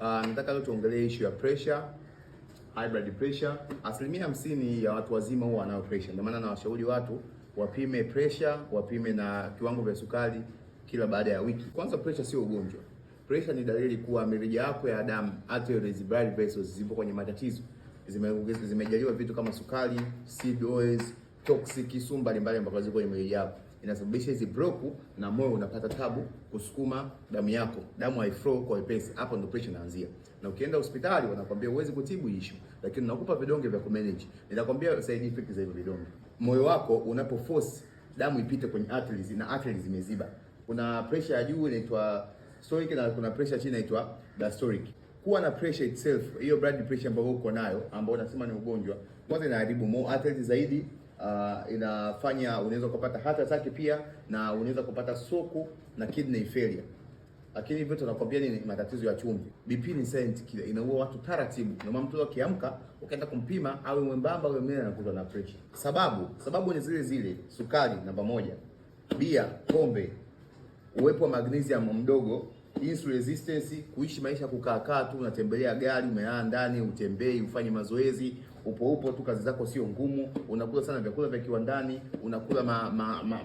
Uh, nataka leo tuongelee issue ya pressure, high blood pressure. Asilimia hamsini ya watu wazima huwa wanayo pressure. Ndio maana nawashauri watu wapime pressure, wapime na kiwango vya sukari kila baada ya wiki. Kwanza, pressure sio ugonjwa. Pressure ni dalili kuwa mirija yako ya damu, arteries, blood vessels zipo kwenye matatizo, zimejaliwa vitu kama sukari, seed oils, toxic, sumu mbalimbali ambazo ziko kwenye mwili wako inasababisha hizi broku na moyo unapata tabu kusukuma damu yako, damu haiflow kwa wepesi. Hapo ndo pressure inaanzia, na ukienda hospitali wanakwambia huwezi kutibu issue, lakini nakupa vidonge vya kumanage. Nitakwambia side effect za hivi vidonge. Moyo wako unapoforce damu ipite kwenye arteries na arteries zimeziba, kuna pressure ya juu inaitwa systolic na kuna pressure chini inaitwa diastolic. Kuwa na pressure itself, hiyo blood pressure ambayo uko nayo, ambayo unasema ni ugonjwa, kwanza inaharibu moyo, arteries zaidi uh, inafanya unaweza kupata heart attack pia na unaweza kupata stroke na kidney failure. Lakini hivyo tunakwambia ni matatizo ya chumvi. BP ni silent killer, inaua watu taratibu. Na mama mtoto akiamka, ukaenda kumpima awe mwembamba awe mwenye anakutwa na pressure. Sababu, sababu ni zile zile, sukari namba moja, bia, pombe, uwepo wa magnesium mdogo, insulin resistance, kuishi maisha kukaa kaa tu, unatembelea gari, umeaa ndani, utembei, ufanye mazoezi, upo upo tu, kazi zako sio ngumu, unakula sana vyakula vya kiwandani, unakula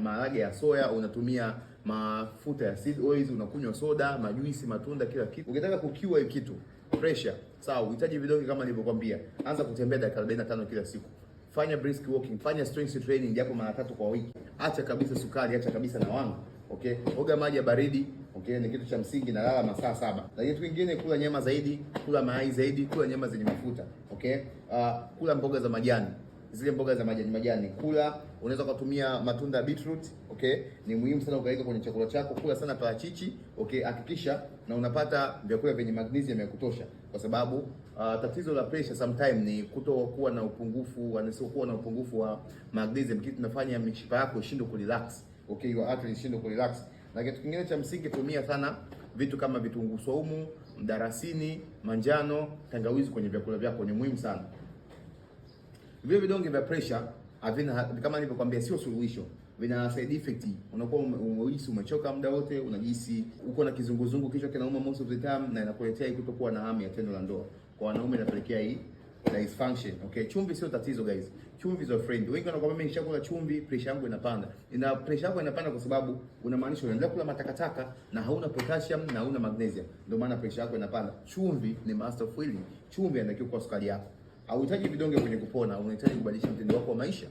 maharage ya soya, unatumia mafuta ya seed oils, unakunywa soda, majuisi, matunda, kila kitu. Ukitaka kukiwa hiyo kitu pressure, sawa, uhitaji vidogo kama nilivyokuambia, anza kutembea dakika 45 kila siku. Fanya brisk walking, fanya strength training japo mara tatu kwa wiki. Acha kabisa sukari, acha kabisa na wanga. Okay, oga maji ya baridi okay, ni kitu cha msingi. Nalala masaa saba, na kitu kingine kula nyama zaidi, kula mayai zaidi, kula nyama zenye mafuta okay. Uh, kula mboga za majani zile mboga za majani majani kula. Unaweza kutumia matunda ya beetroot okay, ni muhimu sana ukaweka kwenye chakula chako. Kula sana parachichi okay, hakikisha na unapata vyakula vyenye magnesium ya kutosha, kwa sababu uh, tatizo la pressure sometime ni kutokuwa na upungufu anasiokuwa na upungufu wa magnesium, kitu kinafanya mishipa yako ishindwe kurelax okay, your arteries ishindwe kurelax na kitu kingine cha msingi, tumia sana vitu kama vitunguu saumu, mdarasini, manjano, tangawizi kwenye vyakula vyako, ni muhimu sana. Vile vidonge vya pressure havina, kama nilivyokuambia, sio suluhisho, vina side effect. Unakuwa unajihisi umechoka muda wote, unajihisi uko na kizunguzungu, kichwa kinauma most of the time, na inakuletea kutokuwa na hamu ya tendo la ndoa. Kwa wanaume inapelekea hii na function. Okay, chumvi sio tatizo guys, chumvi is a friend. Wengi wanakuambia mimi nishakula chumvi, pressure yangu inapanda. Ina pressure yako inapanda kwa sababu unamaanisha unaendelea kula matakataka na hauna potassium na hauna magnesium, ndio maana pressure yako inapanda. Chumvi ni master of healing. Chumvi inatakiwa kwa sukari yako. Hauhitaji vidonge kwenye kupona, unahitaji kubadilisha mtindo wako wa maisha.